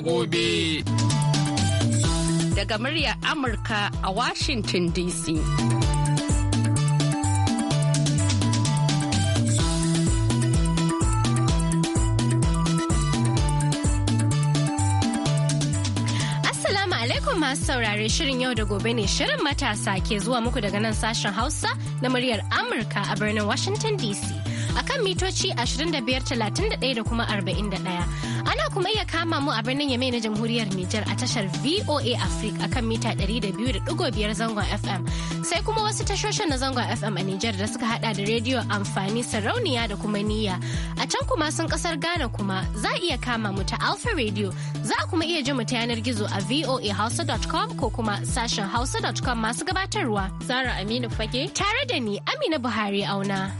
gobe. Daga muryar Amurka a Washington DC. alaikum masu saurare shirin yau da gobe ne shirin matasa ke zuwa muku daga nan sashen hausa na muryar amurka a birnin washington dc akan mitoci 31 da kuma 41 kuma iya kama mu a birnin Yamai na Jamhuriyar Nijar a tashar VOA Africa akan mita 200.5 zangon FM. Sai kuma wasu tashoshin na zangon FM a Nijar da suka hada da rediyo amfani sarauniya da kuma niyya. A can kuma sun kasar Ghana kuma za iya kama mu ta alfa Radio za kuma iya ji mu ta yanar gizo a voahausa.com ko kuma sashen hausa.com masu gabatarwa. Zara Aminu Fage. Tare da ni Amina Buhari auna.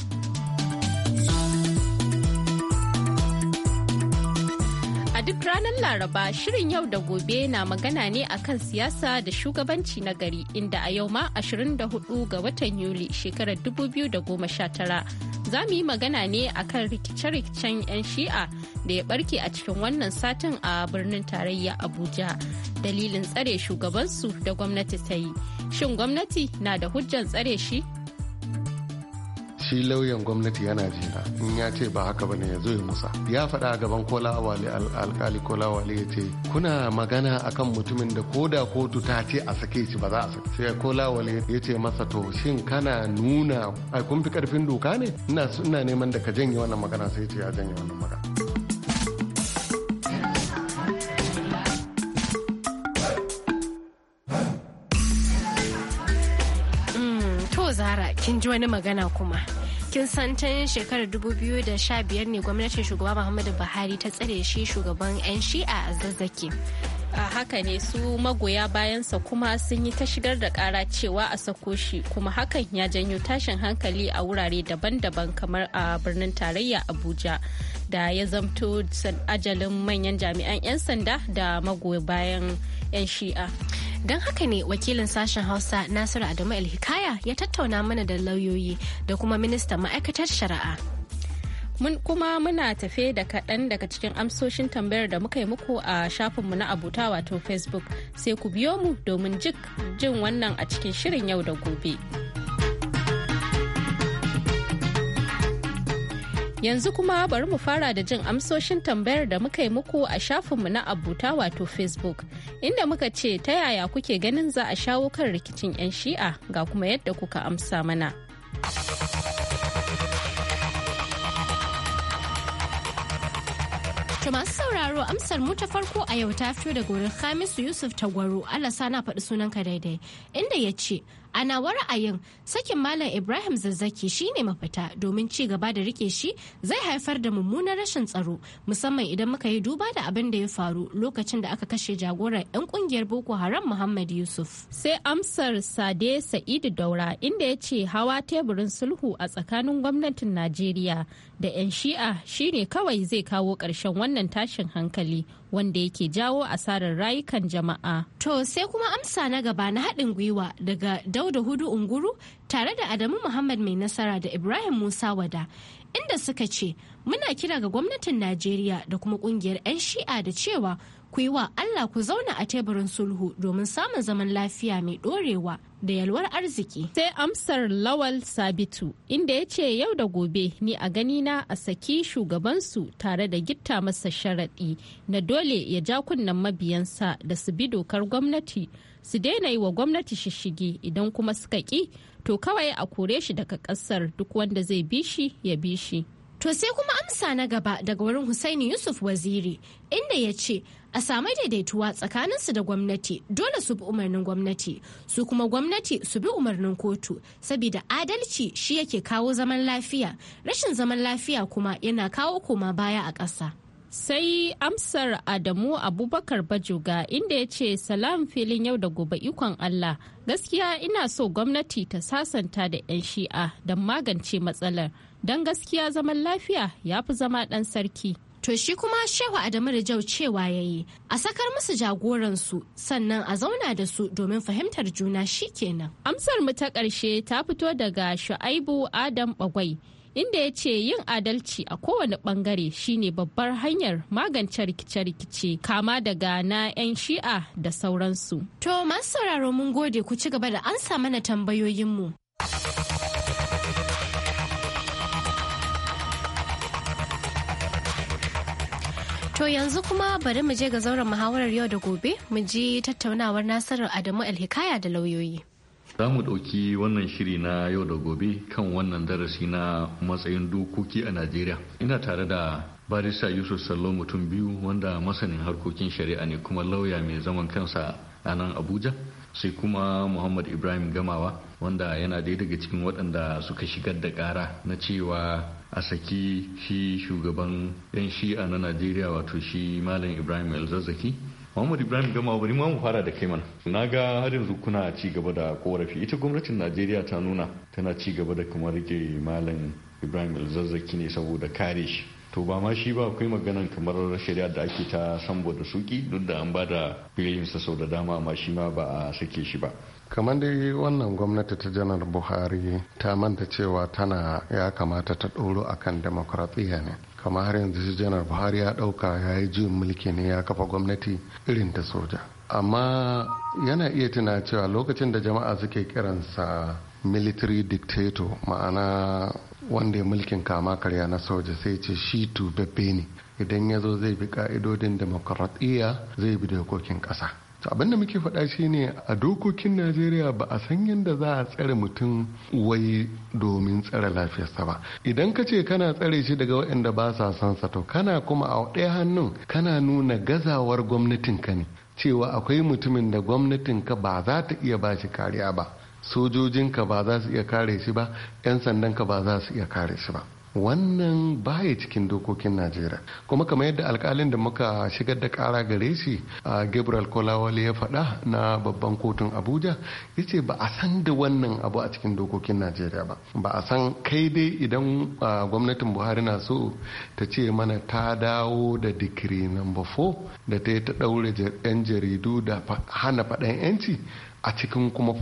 ranar Laraba shirin yau da gobe na magana ne akan siyasa da shugabanci na gari inda a yau ma 24 ga watan Yuli shekarar 2019 za mu yi magana ne akan rikice-rikicen 'yan shi'a da ya barke a cikin wannan satin a birnin tarayya Abuja dalilin tsare shugabansu da gwamnati ta yi. Shin gwamnati na da hujjan tsare shi? shi lauyan gwamnati yana jina in ya ce ba haka bane ya zo ya musa ya faɗa gaban kola wale alkali kola wale ya ce kuna magana akan mutumin da koda kotu ta ce a sake shi ba za a sake sai kola wale ya ce masa to shin kana nuna ai kun fi karfin doka ne ina suna neman da ka janye wannan magana sai ya ce ya janye wannan magana hmm, zara kin ji wani magana kuma kin san tun shekarar 2015 ne gwamnatin shugaba muhammadu buhari ta tsare shi shugaban 'yan shi'a a zazzaki a haka ne su magoya bayansa kuma sun yi ta shigar da kara cewa a sako shi kuma hakan ya janyo tashin hankali a wurare daban-daban kamar a birnin tarayya abuja da ya zamto ajalin manyan jami'an 'yan sanda da magoya bayan 'yan shi'a Don haka ne wakilin sashen Hausa Nasiru Adamu Alhikaya ya tattauna mana da lauyoyi da kuma ministan ma'aikatar shari'a. Mun kuma muna tafe da kaɗan daga cikin amsoshin tambayar da muka yi muku a shafinmu na abuta wato Facebook sai ku biyo mu domin jin wannan a cikin shirin yau da gobe. Yanzu kuma bari mu fara da jin amsoshin tambayar da muka yi muku a shafinmu na abuta wato Facebook, inda muka ce ta yaya kuke ganin za a shawo kan rikicin 'yan shi'a ga kuma yadda kuka amsa mana. ta masu sauraro amsar mu ta farko a yau ta fito daga wurin Hamisu Yusuf Tagwaro, Allah sana faɗi sunanka daidai, inda ya ce, Ana nawa ra'ayin sakin Malam Ibrahim Zazzaki shine mafita domin ci gaba da rike shi zai haifar da mummunar rashin tsaro musamman idan muka yi duba da abin da ya faru lokacin da aka kashe jagoran 'yan kungiyar Boko Haram Muhammad Yusuf. Sai amsar Sade Sa'idu Daura inda ya ce hawa teburin sulhu a tsakanin gwamnatin Najeriya da 'yan shi'a shine kawai zai kawo ƙarshen wannan tashin hankali wanda yake jawo asarar rayukan jama'a. To sai kuma amsa na gaba na haɗin gwiwa daga Dauda Hudu Unguru tare da Adamu Muhammad mai nasara da Ibrahim Musa Wada inda suka ce muna kira ga gwamnatin Najeriya da kuma ƙungiyar 'yan shi'a da cewa ku yi wa Allah ku zauna a teburin sulhu domin samun zaman lafiya mai ɗorewa da yalwar arziki. Sai amsar Lawal Sabitu inda ya ce yau da gobe ni a ganina a saki shugabansu tare da gitta masa sharaɗi na dole ya ja kunnen mabiyansa da su bi dokar gwamnati su daina yi wa gwamnati shishigi idan kuma suka ƙi to kawai a kore shi daga ƙasar duk wanda zai bi shi ya bi shi. To sai kuma amsa na gaba daga wurin Hussaini Yusuf Waziri inda ya ce a sami daidaituwa tsakaninsu da gwamnati dole su bi umarnin gwamnati su kuma gwamnati su bi umarnin kotu saboda adalci shi yake kawo zaman lafiya rashin zaman lafiya kuma yana kawo koma baya a ƙasa. Sai amsar Adamu Abubakar Bajoga inda ya ce salam filin yau da gobe ikon Allah gaskiya ina so gwamnati ta sasanta da 'yan shi'a don magance matsalar don gaskiya zaman lafiya ya fi zama ɗan sarki. To shi kuma Shehu Adamu da Jau cewa ya yi a sakar musu jagoransu sannan a zauna da su domin fahimtar juna shi kenan. Amsar mu ta ƙarshe ta fito daga Shu'aibu Adam Bagwai. inda ya ce yin adalci a kowane bangare shine babbar hanyar magance rikice-rikice kama daga na 'yan shi'a da sauransu. To masu sauraro mun gode ku ci gaba da ansa mana tambayoyinmu. To yanzu kuma bari mu je ga zauren muhawarar yau da gobe mu ji tattaunawar Nasiru Adamu Alhikaya da lauyoyi. Za mu ɗauki wannan shiri na yau da gobe kan wannan darasi na matsayin dokoki a Najeriya. Ina tare da Barista Yusuf Sallo mutum biyu wanda masanin harkokin shari'a ne kuma lauya mai zaman kansa a nan Abuja. Sai kuma Muhammad Ibrahim Gamawa wanda yana daya daga cikin waɗanda suka shigar da ƙara na cewa a saki shi shugaban 'yan shi'a na Najeriya wato shi Malam Ibrahim El Muhammad Ibrahim Gama bari ma mu fara da kai mana. Na ga har yanzu kuna ci gaba da korafi. Ita gwamnatin Najeriya ta nuna tana ci gaba da kamar rike malam Ibrahim el-Zazzaki ne saboda kare shi. To ba ma shi ba akwai maganan kamar shari'a da ake ta sambo da suki duk da an bada da filinsa sau da dama ma shi ma ba a sake shi ba. kamar dai wannan gwamnati ta janar buhari ta manta cewa tana ya kamata ta ɗoro akan kan ne kamar har yanzu shi janar buhari ya ɗauka ya yi juyin mulki ne ya kafa gwamnati irin ta soja amma yana iya tuna cewa lokacin da jama'a suke kiransa military dictator ma'ana wanda ya mulkin kama karya na soja sai ce shi tubabbe ne idan ya zo zai bi ka'idodin demokaratiyya zai bi dokokin ƙasa to abinda muke faɗa shine a dokokin najeriya ba a san yadda za a tsare mutum wai domin tsare lafiyarsa ba idan ka ce kana tsare shi daga waɗanda ba sa son sa to kana kuma a ɗaya hannun kana nuna gazawar gwamnatin ka ne cewa akwai mutumin da gwamnatin ka ba za ta iya ba shi kariya ba sojojinka ba za su iya kare shi ba 'yan sandanka ba za su iya kare shi ba wannan baya cikin dokokin najeriya kuma kamar yadda alkalin da muka shigar da kara gare shi a gabriel kolawale ya faɗa na babban kotun abuja ya ce ba a san da wannan abu a cikin dokokin najeriya ba ba a san kai dai idan gwamnatin buhari na so ta ce mana ta dawo da digiri number 4 da ta yi ta ɗaure 'yan jaridu da hana faɗan 'yanci a cikin kuma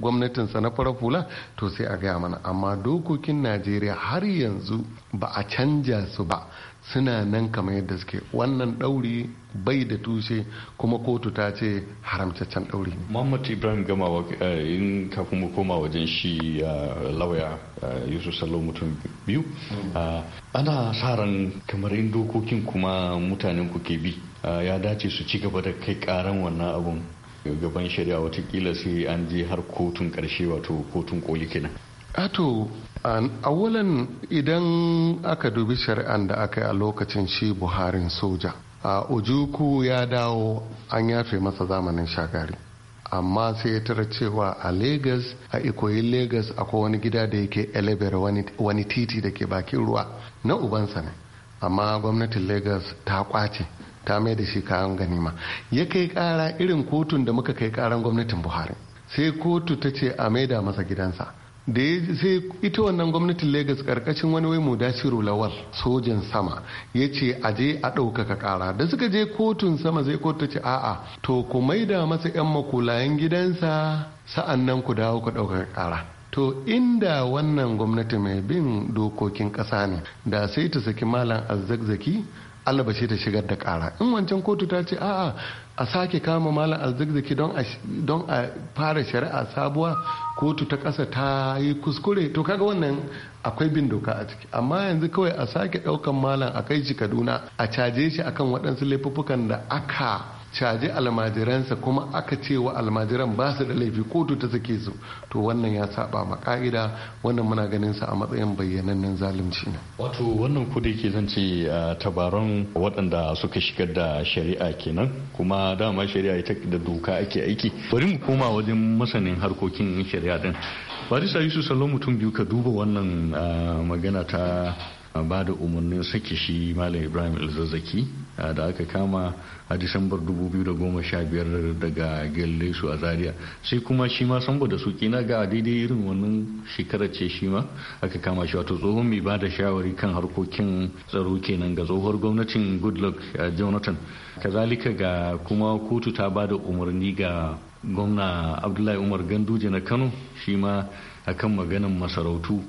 gwamnatin sa na farar hula to sai a gaya mana amma dokokin najeriya har yanzu ba a canja su ba suna nan kamar yadda suke wannan ɗauri bai da tushe kuma kotu ta ce haramtaccen ɗauri ne. Muhammad Ibrahim gama eh, in kafin mu koma wajen shi eh, lauya eh, Yusuf Salo mutum biyu. Ana sa ran kamar in dokokin kuma mutanen ku ke bi ya dace su ci gaba da kai karan wannan abun gaban shari'a watakila sai an je har kotun karshe wato kotun koli kenan ato awalan idan aka dubi shari'an da aka yi a lokacin shi buharin soja a ojuku ya dawo an yafe masa zamanin shagari amma sai ya tara cewa a Legas a ikoyin Legas akwai wani gida da yake elebere wani titi da ke bakin ruwa na ubansa ne amma gwamnatin Legas ta kwace ta mai da shi kayan ganima ya kai kara irin kotun da muka kai karan gwamnatin buhari sai kotu ta ce a maida masa gidansa da sai ita wannan gwamnatin Legas karkashin wani wai mudasiru lawal sojan sama ya ce a je a ɗaukaka kara da suka je kotun sama zai kotu ce a'a to ku maida masa 'yan makulayen gidansa sa'an nan ku dawo ku ɗaukaka kara to inda wannan gwamnati mai bin dokokin ƙasa ne da sai ta saki malam azzakzaki Allah ba shi ta shigar da kara in wancan kotu ta ce a'a a sake kama malam arzikziki don a fara shari'a sabuwa kotu ta kasa ta yi kuskure to kaga wannan akwai bin doka a ciki amma yanzu kawai a sake ɗaukan malam a kai shi kaduna a caje shi akan waɗansu laifuffukan da aka caji almajiransa kuma aka ce wa almajiran ba su da laifi kotu ta sake su to wannan ya saba ma ka'ida wannan muna ganin sa a matsayin bayyanannen zalunci ne wato wannan kudi ke zan ce tabaron waɗanda suka shigar da shari'a kenan kuma dama shari'a ita da doka ake aiki bari mu koma wajen masanin harkokin shari'a din barisa yusuf salon mutum biyu ka duba wannan magana ta ba da umarnin sake shi malam ibrahim ilzazzaki da aka kama a disambar 2015 daga gelle a zaria sai kuma shi ma sambo da su kina ga daidai irin wannan shekarar ce shi ma aka kama shi wato tsohon mai ba da shawari kan harkokin tsaro kenan ga tsohuwar gwamnatin goodluck jonathan kazalika ga kuma kotu ta ba da umarni ga gwamna abdullahi umar ganduje na kano shi ma akan maganan masarautu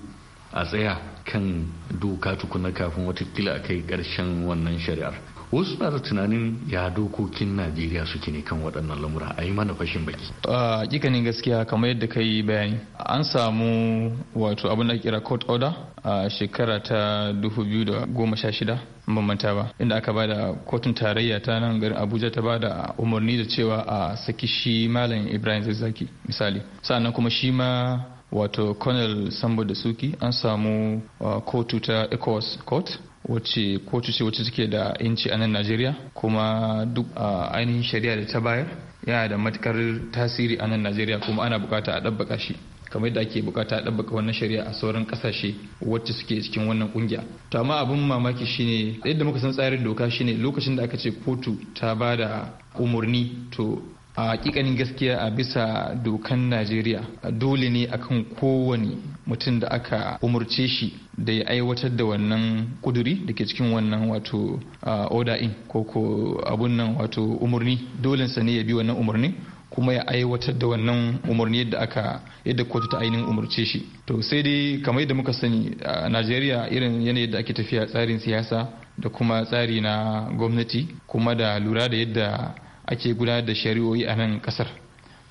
a tsaya kan doka tukuna kafin watakila a kai karshen wannan shari'ar wasu na tunanin ya dokokin najeriya suke ne kan waɗannan lamura a yi mana fashin baki hakikanin gaskiya kamar yadda ka yi bayani an samu wato abin da kira court order a shekara ta 2016 bambanta ba inda aka bada kotun tarayya ta nan garin abuja ta ba da umarni da cewa a saki shi malam ibrahim zazzaki misali sannan kuma shi ma wato colonel sambo da suki an samu kotu ta ecowas court wacce kotu ce wacce suke da inci a nan najeriya kuma duk ainihin shari'a da ta bayar yana da matukar tasiri a nan najeriya kuma ana bukata a ɗabbaka shi kamar yadda ake bukata a ɗabbaka wannan shari'a a sauran kasashe wacce suke cikin wannan kungiya to amma abin mamaki shine yadda muka san tsarin doka shine lokacin da aka ce kotu ta ba da umarni to a hakikanin gaskiya a bisa dokan najeriya dole ne akan kowane mutum da aka umarce shi da ya aiwatar da wannan kuduri da ke cikin wannan wato ah, order in ko ko abun nan wato umarni dole sa ne ya bi wannan umarni kuma ya aiwatar da wannan umarni yadda aka yadda kotu ta ainihin umarce shi to sai dai kamar yadda muka sani a najeriya irin yanayin da ake tafiya tsarin siyasa da kuma tsari na gwamnati kuma da lura da yadda ake gudanar da shari'o'i a nan kasar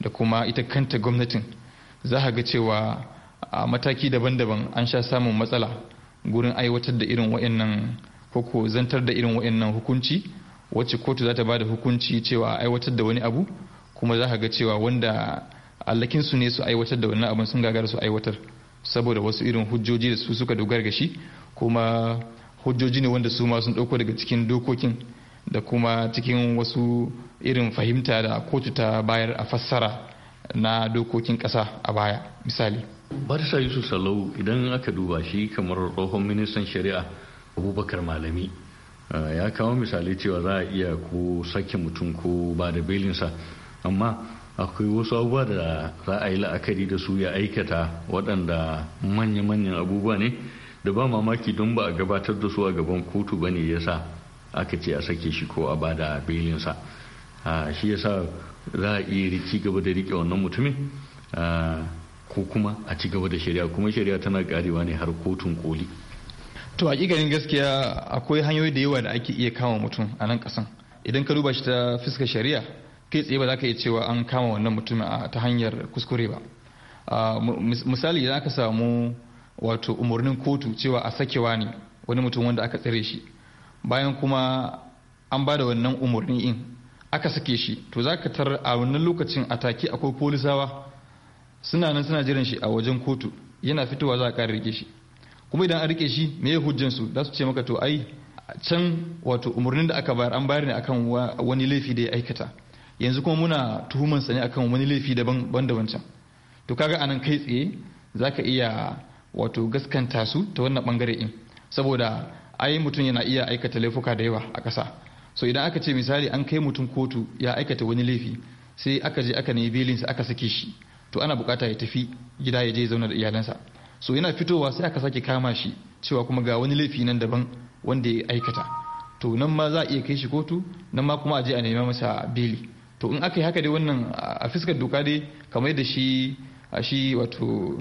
da kuma ita kanta gwamnatin za ga cewa a mataki daban-daban an sha samun matsala gurin aiwatar da irin wa'annan koko zantar da irin wa'annan hukunci wacce kotu za ta ba da hukunci cewa aiwatar da wani abu kuma za ka ga cewa wanda allakinsu ne su aiwatar da wannan abin sun gagara su aiwatar saboda wasu irin hujjoji da su suka dogara ga shi kuma hujjoji ne wanda su ma sun dauko daga cikin dokokin da kuma cikin wasu irin fahimta da kotu ta bayar a fassara na dokokin ƙasa a baya misali barsa yusuf salau idan aka duba shi kamar tsohon ministan shari'a abubakar malami ah, ya kawo misali cewa za a iya ko sake mutum ko ba da belinsa amma akwai wasu abubuwa da za a yi la'akari da su ya aikata waɗanda manya-manyan abubuwa ne da ba mamaki don ba a gabatar da su a gaban kotu ba ne yasa aka ce a sake shi ko a ba da belinsa ah, shi yasa za a iya riki gaba da rike wannan mutumin ah, ko kuma a ci gaba da shari'a kuma shari'a tana karewa ne har kotun koli to hakikanin gaskiya akwai hanyoyi da yawa da ake iya kama mutum a nan kasan idan ka duba shi ta fuskar shari'a kai tsaye ba za ka iya cewa an kama wannan mutum ta hanyar kuskure ba misali idan aka samu wato umarnin kotu cewa a sakewa ne wani mutum wanda aka tsare shi bayan kuma an ba da wannan umarnin in aka sake shi to za ka tar a wannan lokacin a take akwai polisawa suna nan suna jiran shi a wajen kotu yana fitowa za a ƙara rike shi kuma idan an rike shi me hujjan su za su ce maka to ai can wato umarnin da aka bayar an bayar ne akan wani laifi da ya aikata yanzu kuma muna tuhuman sa ne akan wani laifi daban ban da wancan to kaga anan kai tsaye zaka iya wato gaskanta su ta wannan bangare in saboda ai mutum yana iya aikata laifuka da yawa a kasa so idan aka ce misali an kai mutum kotu ya aikata wani laifi sai aka je aka nemi belinsa aka sake shi to ana bukata ya tafi gida ya je zauna da iyalansa so yana fitowa sai aka sake kama shi cewa kuma ga wani laifi nan daban wanda ya aikata to nan ma za a iya kai shi kotu nan ma kuma a je a nema masa beli to in aka yi haka dai wannan a fiskar doka dai kamar da shi a shi wato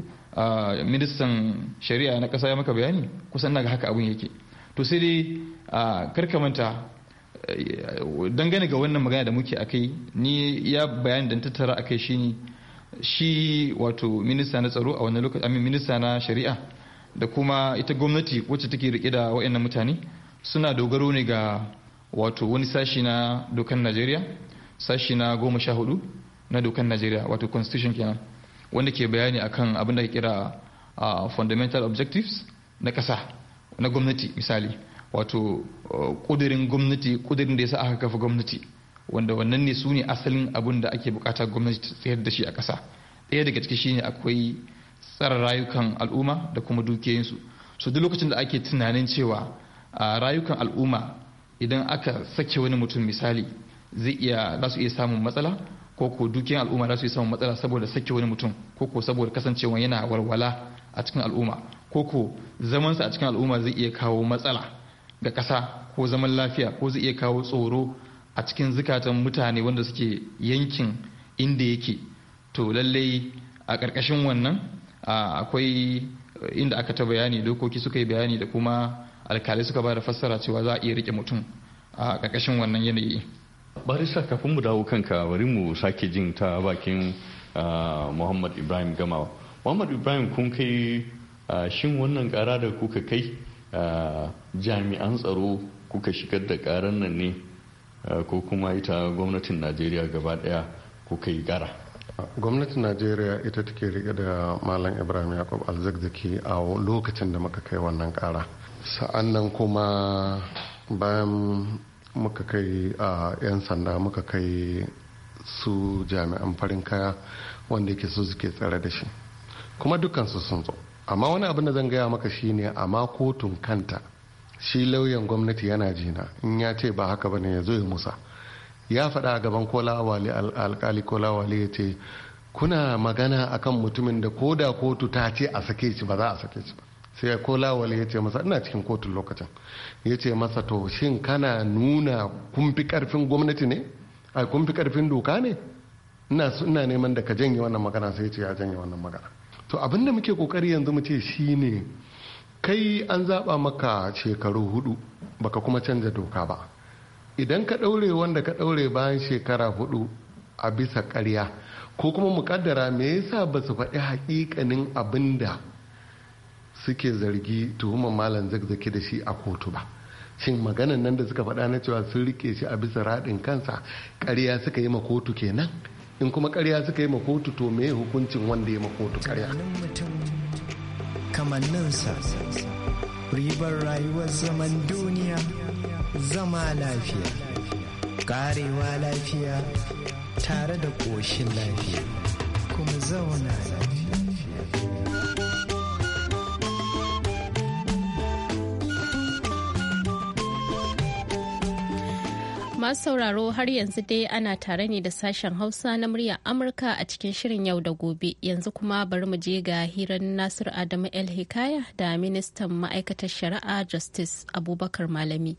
ministan shari'a na kasa ya maka bayani kusan na ga haka abin yake to sai dai karka manta eh, dangane ga wannan magana da muke akai ni ya bayani da tattara a akai shine shi wato minista na tsaro a wani lokaci amin minista na shari'a da kuma ita gwamnati wacce take rike da wayannan mutane suna dogaro ne ga wato wani sashi na dokan najeriya sashi na goma sha hudu na dokan najeriya wato constitution kenan wanda ke bayani akan abin da ke kira fundamental objectives na ƙasa na gwamnati misali wato kudirin uh, gwamnati kudirin da ya sa aka kafa gwamnati wanda wannan ne su ne asalin abin da ake bukata gwamnati ta tsayar da shi a kasa ɗaya daga ciki shine akwai tsara rayukan al'umma da kuma dukiyoyinsu so duk lokacin da ake tunanin cewa a rayukan al'umma idan aka sake wani mutum misali zai iya za su iya samun matsala ko ko dukiyan al'umma za su iya samun matsala saboda sake wani mutum ko ko saboda kasancewa yana walwala a cikin al'umma ko ko zamansa a cikin al'umma zai iya kawo matsala ga kasa ko zaman lafiya ko zai iya kawo tsoro a cikin zukatan mutane wanda suke yankin inda yake to lallai a ƙarƙashin wannan akwai inda aka ta bayani dokoki suka yi bayani da kuma alkalai suka ba da fassara cewa za a iya rike mutum a ƙarƙashin wannan yanayi barisa kafin mu dawo kanka bari mu sake jin ta bakin muhammad ibrahim gamawa muhammad ibrahim kun kai shin wannan kara da kuka kai jami'an tsaro kuka shigar da karan nan ne Eh, ko kuma ita gwamnatin najeriya gaba daya ko yi gara gwamnatin najeriya ita take rike da malam ibrahim yakub alzakzaki a lokacin da muka kai wannan kara sa'an nan kuma bayan muka kai a 'yan sanda muka kai su jami'an farin kaya wanda yake su suke tsare da shi kuma dukansu sun zo amma wani abin da zan gaya maka shine ma kotun kanta shi lauyan gwamnati yana jina in ya ce ba haka bane ya zo ya musa ya faɗa a gaban kolawale alkali kolawale ya ce kuna magana akan mutumin da ko da kotu ta ce a sake shi ba za a sake shi ba sai kolawali ya ce masa ina cikin kotun lokacin ya ce masa to shin kana nuna kun fi karfin gwamnati ne a kun karfin doka ne ina neman da ka janye wannan magana sai ya ce ya janye wannan magana to abinda muke kokari yanzu mu ce shine kai an zaba maka shekaru hudu baka kuma canza doka ba idan ka ɗaure wanda ka ɗaure bayan shekara hudu a bisa karya ko kuma mukaddara me yasa ba su faɗi hakikanin abin da suke zargi tuhumar malam zakzaki da shi a kotu ba shin maganan nan da suka faɗa na cewa sun rike shi a bisa raɗin kansa ƙarya suka yi ma kotu kenan in kuma karya suka yi ma kotu to me hukuncin wanda ya ma kotu ƙarya kamanninsa ribar rayuwar zaman duniya zama lafiya karewa lafiya tare da ƙoshin lafiya kuma zauna lafiya masu sauraro har yanzu dai ana tare ne da sashen Hausa na muryar Amurka a cikin shirin yau da gobe. Yanzu kuma bari mu je ga hirar Nasiru Adamu El Hikaya da ministan ma'aikatar shari'a Justice Abubakar Malami.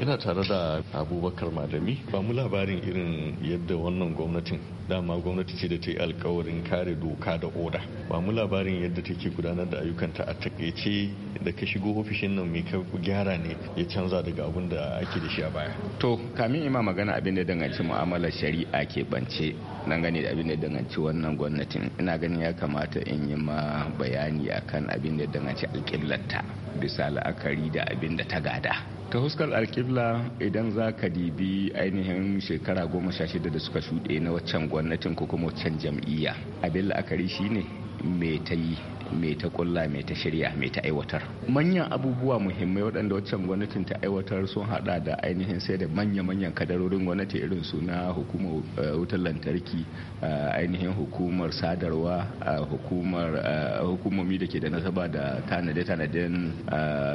ina tare da abubakar madami ba mu labarin irin yadda wannan gwamnatin dama gwamnati ce da ta yi alkawarin kare doka da oda ba mu labarin yadda take gudanar da ayyukanta a takaice da ka shigo ofishin nan mai ka gyara ne ya canza daga abin da ake da shi a baya to kamin ima magana abin da danganci mu'amalar shari'a ke bance nan gani da abin da danganci wannan gwamnatin ina ganin ya kamata in yi ma bayani akan abin da danganci alƙillarta bisa la'akari da abin da ta gada ta huskar alkibla idan za ka dibi ainihin shekara goma sha shida da suka shuɗe na waccan gwamnatin ko kuma waccan jam'iyya abin la'akari ne. Mai ta yi mai ta kulla mai ta shirya mai ta aiwatar manyan abubuwa muhimmai waɗanda waccan gwamnatin ta aiwatar sun hada da ainihin sai da manya-manyan kadarorin gwamnati irin su na hukumar eh, wutar lantarki eh, ainihin hukumar sadarwa eh, hukumar hukumomi da ke da nasaba da tanade-tanaden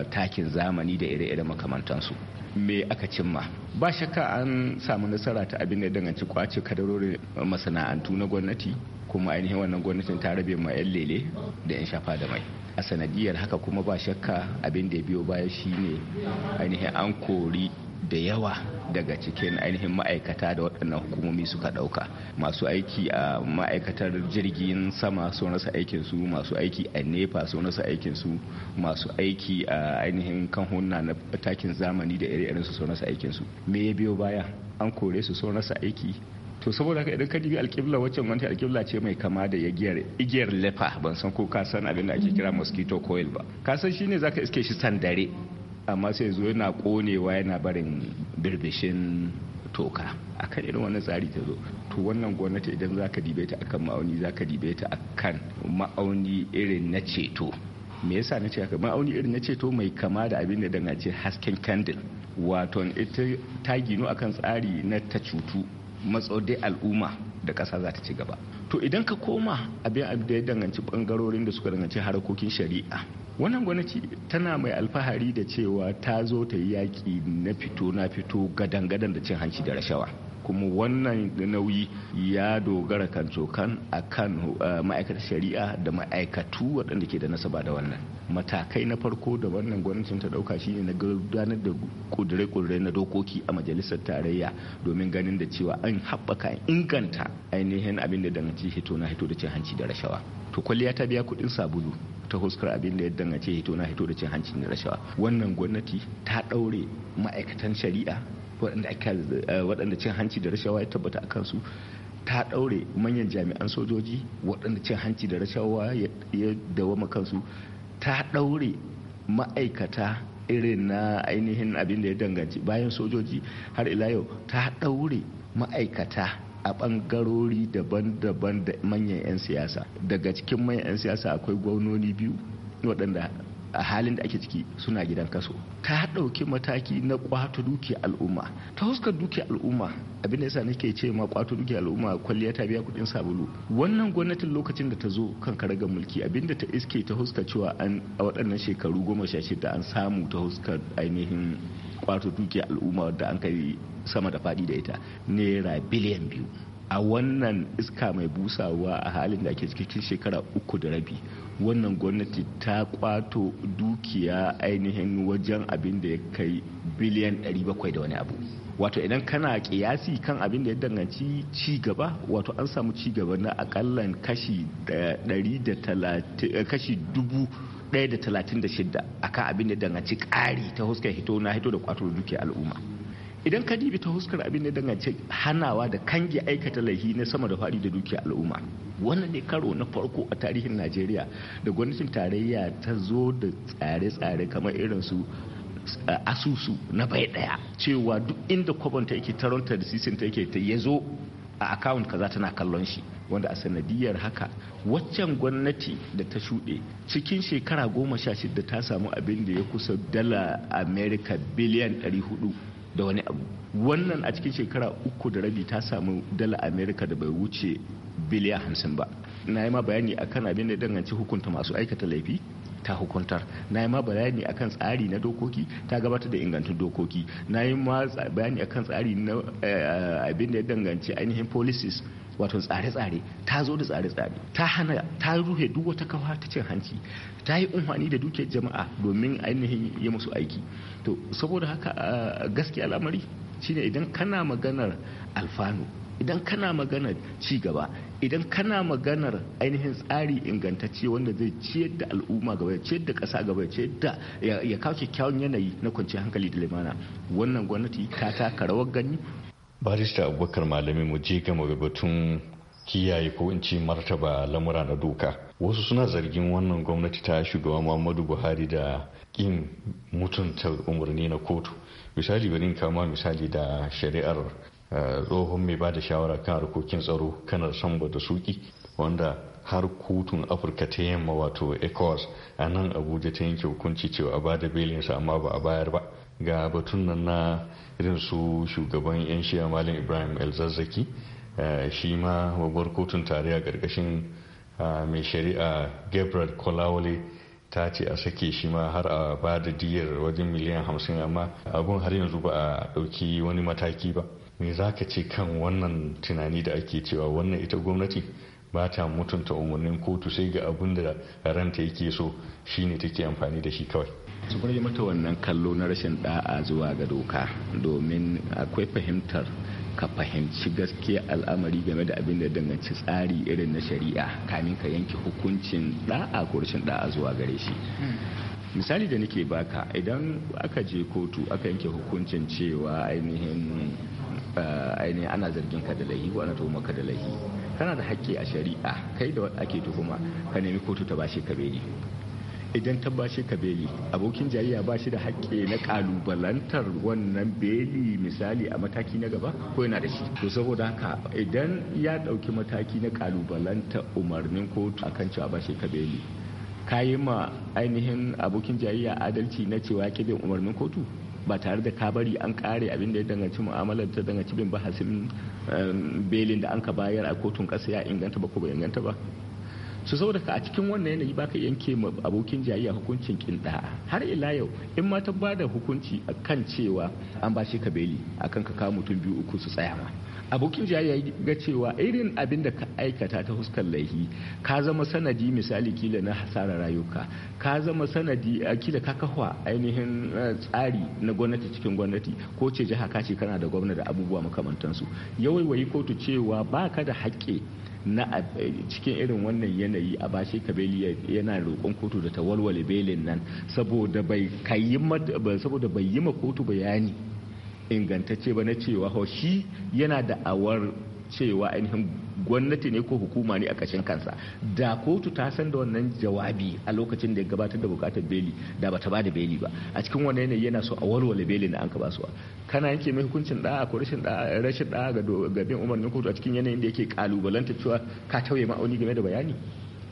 takin zamani da ire-ire makamantansu me aka cimma ba shakka an samu nasara ta abin da danganci kwace kadarorin masana'antu na gwamnati kuma ainihin wannan gwamnatin ta rabe ma 'yan lele da 'yan shafa da mai a sanadiyar haka kuma ba shakka abin da ya biyo baya shine ainihin an kori da yawa daga cikin ainihin ma'aikata da waɗannan hukumomi suka ɗauka masu aiki a ma'aikatar jirgin sama sun rasa aikin masu aiki a nepa sun rasa aikin su masu aiki a ainihin kanhunna na takin zamani da ire-irinsu sun rasa aikin me ya biyo baya an kore su sun rasa aiki to saboda haka idan ka dibi alƙibla wacce wanta alƙibla ce mai kama da igiyar igiyar lefa ban san ko ka san abin da ake kira mosquito coil ba ka san shine zaka iske shi sandare amma sai zo yana konewa yana barin birbishin toka akan irin wannan tsari ta zo to wannan gwamnati idan zaka dibe ta akan ma'auni zaka dibe ta akan ma'auni irin na ceto me yasa na ce haka ma'auni irin na ceto mai kama da abin da dangace hasken candle wato ita ta ginu akan tsari na ta cutu matsaudi al'umma da ƙasa za ta ci gaba to idan ka koma abin da ya danganci ɓangarorin da suka danganci harakokin shari'a wannan gwamnati tana mai alfahari da cewa ta zo ta yi yaƙi na fito na fito gadan-gadan da cin hanci da rashawa kuma wannan nauyi ya dogara kan cokan a kan eh, ma'aikatar shari'a da ma'aikatu waɗanda ke da nasaba da wannan matakai na farko da wannan gwamnatin ta ɗauka shine na gudanar da kudure-kudure na dokoki a majalisar tarayya domin ganin da cewa an haɓaka inganta ainihin abin da danganci hito na hito da cin hanci da rashawa to kwalliya ta biya kuɗin sabulu ta huskar abin da ya dangace hito na hito da cin hanci da rashawa wannan gwamnati ta ɗaure ma'aikatan shari'a Eh, waɗanda cin hanci da rashawa ya tabbata a kansu ta ɗaure manyan jami'an sojoji waɗanda cin hanci da rashawa ya dawama kansu ta ɗaure ma'aikata irin na ainihin abin da ya danganci bayan sojoji har ila yau ta ɗaure ma'aikata a ɓangarori daban-daban da manyan 'yan siyasa daga cikin manyan 'yan siyasa akwai gwamnoni biyu waɗanda a halin da ake ciki suna gidan kaso ta ɗauki mataki na kwato duki al'umma ta huskar duki al'umma abin da yasa nake ce ma kwato duki al'umma kwalliya ta biya kuɗin sabulu wannan gwamnatin lokacin da ta zo kan karagar mulki abin da ta iske ta huska cewa an a waɗannan shekaru goma sha shida an samu ta huskar ainihin kwato duki al'umma da an kai sama da faɗi da ita naira biliyan biyu a wannan iska mai busawa a halin da ake cikin shekara uku da rabi wannan gwamnati ta kwato dukiya ainihin wajen abin da ya kai biliyan 700 da wani abu wato idan kana kiyasi kan abin da ya danganci ci gaba wato an samu ci gaba na akallan kashi eh, kashi dubu 136 akan abin da ya danganci ƙari ta huskar hito na hito da kwato dukiya al'umma idan ka dibi ta huskar abin da dangance hanawa da kange aikata laifi na sama da fadi da dukiya al'umma wannan ne karo na farko a tarihin najeriya da gwamnatin tarayya ta zo da tsare-tsare kamar irin su asusu na bai daya cewa duk inda kwabanta yake taronta da sisin ta yake ta ya zo a account kaza tana kallon shi wanda a sanadiyar haka waccan gwamnati da ta shuɗe cikin shekara goma sha shida ta samu abin da ya kusa dala america biliyan 400 da wani abu wannan a cikin shekara uku da rabi ta samu dala amerika da bai wuce biliya hamsin ba na yi ma bayani akan abin da danganci hukunta masu aikata laifi ta hukuntar na yi ma bayani akan tsari na dokoki ta gabatar da ingantun dokoki na yi ma bayani akan tsari na eh, abin da ya danganci ainihin policies wato tsare-tsare ta zo da tsare-tsare ta hana ta ruhe duk wata kafa ta cin hanci ta yi umarni da dukiyar jama'a domin ainihin yi musu aiki to saboda haka gaskiya al'amari shine idan kana maganar alfano, idan kana maganar ci gaba idan kana maganar ainihin tsari ingantacce wanda zai ciyar da al'umma gaba ya ciyar da ƙasa gaba ya ciyar da ya kawo kyakkyawan yanayi na kwanciyar hankali da limana wannan gwamnati ta taka rawar gani barista abubakar malami mu je ga batun kiyaye ko in ce martaba lamura na doka wasu suna zargin wannan gwamnati ta shugaba muhammadu buhari da kin mutunta umarni na kotu misali bari kama misali da shari'ar eh, tsohon mai ba da shawara kan harkokin tsaro kanar samba da suki wanda har kotun afirka ta yamma wato ecos a nan abuja ta yanke hukunci cewa a bada belinsa amma ba a bayar ba ga batun nan na irin su shugaban 'yan shiya malin ibrahim elzazzaki eh, shi ma babbar kotun tarayya gargashin eh, mai shari'a gabriel kolawole ta ce a sake shi ma har a ba da diyar wajen miliyan hamsin amma abun har yanzu ba a ɗauki wani mataki ba me za ka ce kan wannan tunani da ake cewa wannan ita gwamnati ba ta mutunta umarnin kotu sai ga abin da ranta yake so shine take amfani da shi kawai su bari mata wannan kallo na rashin da'a zuwa ga doka domin akwai fahimtar ka fahimci gaskiya al'amari game da abin da danganci tsari irin na shari'a kamin ka yanke hukuncin da'a ko rashin da'a zuwa gare shi misali da nake baka idan aka je kotu aka yanke hukuncin cewa ainihin ainihin ana zargin ka da laihi ko ana tuhumar ka da laihi kana da haƙƙi a shari'a kai da ake tuhuma ka nemi kotu ta bashi ka beli idan ta bashi ka beli abokin jayayya ba shi da haƙƙi na kalubalantar wannan beli misali a mataki na gaba ko yana da shi to saboda haka idan ya ɗauki mataki na kalubalantar umarnin kotu akan cewa bashi ka beli ka yi ma ainihin abokin jayayya adalci na cewa ya bin umarnin kotu ba tare da kabari an kare abin da ya danganci mu'amalar ta danganci bin bahasin ehm, belin da an ka bayar a kotun kasa ya inganta ba ko ba inganta ba su saboda ka a cikin wannan yanayi baka yanke ma abokin jayayya hukuncin kinɗa har ila yau in ma ta bada hukunci kan cewa an bashi ka beli akan ka kawo mutum biyu uku su tsaya ma abokin jayayya ya ga cewa irin abin da ka aikata ta huskar laihi ka zama sanadi misali kila na hasara rayuka ka zama sanadi a kila ka kafa ainihin tsari na gwamnati cikin gwamnati ko ce jiha ka ce kana da gwamna da abubuwa makamantansu wai kotu cewa ba ka da haƙƙi na cikin irin wannan yanayi a bashe kabeli beli yana roƙon kotu da ta walwale belin nan saboda bai yi ma kotu bayani ingantacce ba na cewa shi yana da awar cewa ainihin gwamnati ne ko hukuma ne a kashin kansa da kotu ta san da wannan jawabi a lokacin da ya gabatar da bukatar beli da bata ba da beli ba a cikin wannan yanayi yana so a walwale beli na an ka basuwa kana yanke mai hukuncin da'a ko rashin da'a rashin da'a ga gabin umarnin kotu a cikin yanayin da yake kalubalanta cewa ka tauye ma'auni game da bayani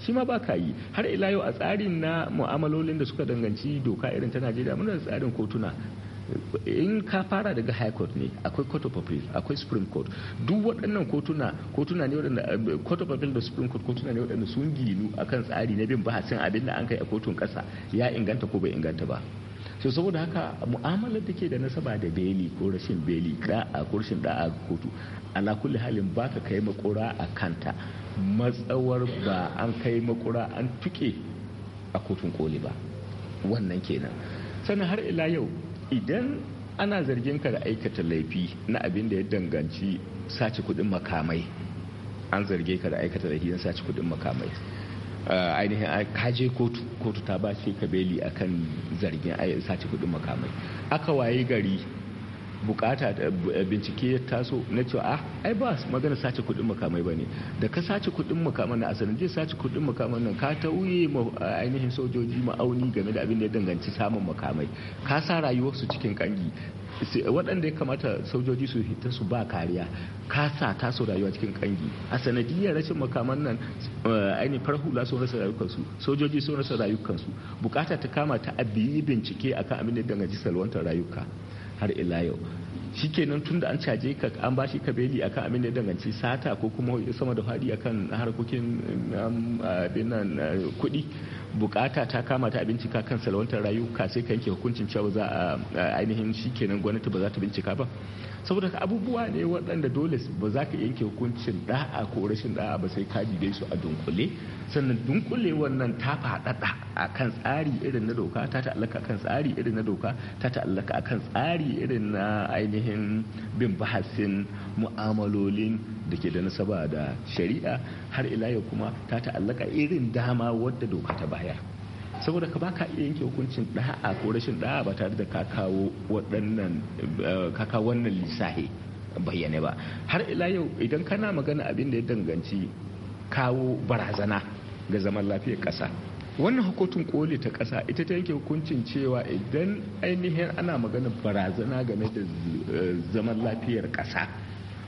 shi ma ba ka yi har ila yau a tsarin na mu'amalolin da suka danganci doka irin ta najeriya muna da tsarin kotuna in ka fara daga high court ne akwai court of appeal akwai supreme court duk waɗannan kotuna kotuna ne waɗanda court of appeal da supreme court kotuna ne waɗanda sun ginu akan tsari na bin bahasin abin da an kai a kotun ƙasa ya inganta ko bai inganta ba so saboda haka mu'amalar da ke da nasaba da beli ko rashin beli da'a ko rashin da'a a kotu ala kulli halin ba ka kai makura a kanta matsawar ba an kai makura an tuke a kotun koli ba wannan kenan sannan har ila yau idan ana zargin ka da aikata laifi na abin da ya danganci sace kudin makamai an zarge ka da aikata laifi na sace kudin makamai ah, ainihin kaje kotu kotu ta bace ka beli akan zargin sace kudin makamai aka waye gari bukata eh, bincike ya taso na cewa ah ai ba magana sace kudin makamai ba ne da ka sace kudin makaman nan asalin zai sace kudin makaman nan ka tauye eh, ainihin sojoji ma'auni game da abin da ya danganci samun makamai ka sa rayuwarsu cikin kangi waɗanda ya kamata sojoji su hita su ba kariya ka sa so rayuwa cikin kangi a sanadiyar rashin makaman nan eh, ainihin farhula sun rasa rayukansu sojoji sun rasa rayukansu bukata ta kama ta abiyi bincike akan abin da ya danganci salwantar rayuka har ila yau shikenan tun da an caje ka an bashi ka beli akan abin da ya danganci sata ko kuma sama da fadi akan harkokin um, abin nan uh, kuɗi bukata ta kama ta bincika kan salwantar rayuka sai ka yanke hukuncin cewa za a uh, ainihin shikenan gwamnati ba za ta bincika ba saboda abubuwa ne waɗanda dole ba za ka yanke hukuncin da'a ko rashin da'a ba sai ka dide su a dunkule sannan dunkule wannan ta faɗaɗa a kan tsari irin na doka ta ta'allaka kan tsari irin na doka ta ta'allaka a kan tsari irin na ainihin bin bahasin mu'amalolin da ke da nasaba da shari'a har ila yau kuma ta ta'allaka irin dama wadda doka ta bayar saboda ka baka iya yanke hukuncin da'a ko rashin da'a ba tare da ka kawo waɗannan eh, wannan lissahi bayyane ba har ila yau idan kana magana abin da ya danganci kawo barazana ga zaman lafiyar ƙasa wannan hukutun koli ta kasa ita ta yanke hukuncin cewa idan ainihin ana magana barazana game da eh, zaman lafiyar ƙasa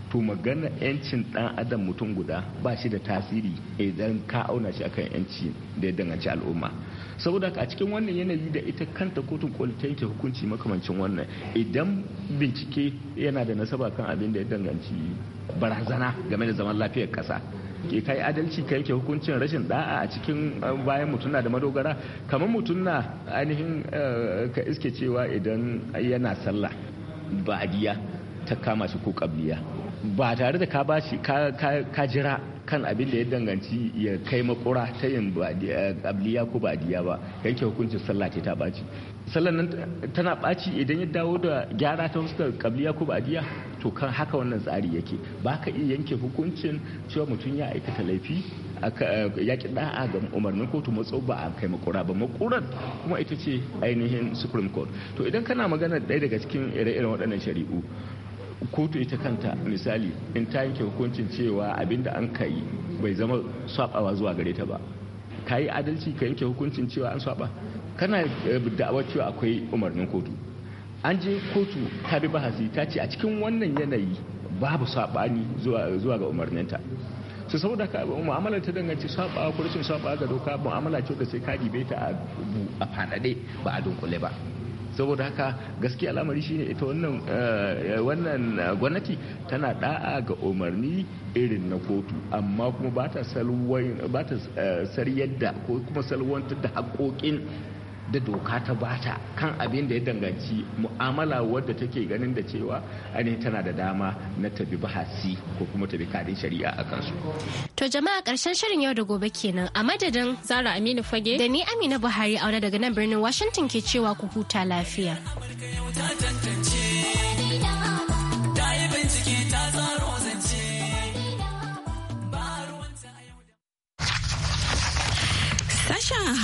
to magana 'yancin ɗan adam mutum guda ba shi da tasiri idan ka auna shi akan 'yanci da ya danganci al'umma saboda a cikin wannan yanayi da ita kanta kotun koli ta yanke hukunci makamancin wannan idan bincike yana da nasaba kan abin da ya danganci barazana game da zaman lafiyar kasa ke kai adalci ka yake hukuncin rashin da'a a cikin bayan mutum na da madogara kamar mutum na ainihin eh, ka iske cewa idan yana sallah ba'adiya ta kama shi ko kabliya ba tare da ka bashi ka jira kan abin da ya danganci ya kai makura ta yin abliya ko badiya ba yanke hukuncin sallah ta baci sallan nan tana baci idan ya dawo da gyara ta fuskar kabliya ko badiya to kan haka wannan tsari yake ba ka iya yanke hukuncin cewa mutum ya aikata laifi ya ki da'a ga umarnin kotu matso ba a kai makura ba makurar kuma ita ce ainihin supreme court to idan kana magana ɗaya daga cikin ire-iren waɗannan shari'u kotu ita kanta misali in ta yanke hukuncin cewa abinda an ka bai zama saɓawa zuwa gare ta ba ka yi adalci ka yanke hukuncin cewa an saɓa kana eh, da'awar cewa akwai umarnin kotu an je kotu ta bi bahasi ta ce a cikin wannan yanayi babu sabani zuwa ga umarninta su saboda ka mu'amalar ta danganci saɓawa ko rashin ga doka mu'amala ce da sai ka dibe ta a faɗaɗe ba a dunkule ba saboda haka gaskiya al'amari shine ita wannan eh, wannan gwamnati tana da'a ga umarni irin na kotu amma kuma ba ta eh, sar yadda ko kuma salwantar da haƙoƙin da doka ta bata kan abin da ya danganci mu'amala wadda take ganin da cewa ainihin tana da dama na tabi bahasi ko kuma tabi kadin shari'a a kansu. To jama'a karshen shirin yau da gobe kenan a madadin Zara Aminu Fage da ni Amina Buhari auna daga nan birnin Washington ke cewa ku huta lafiya. Sashen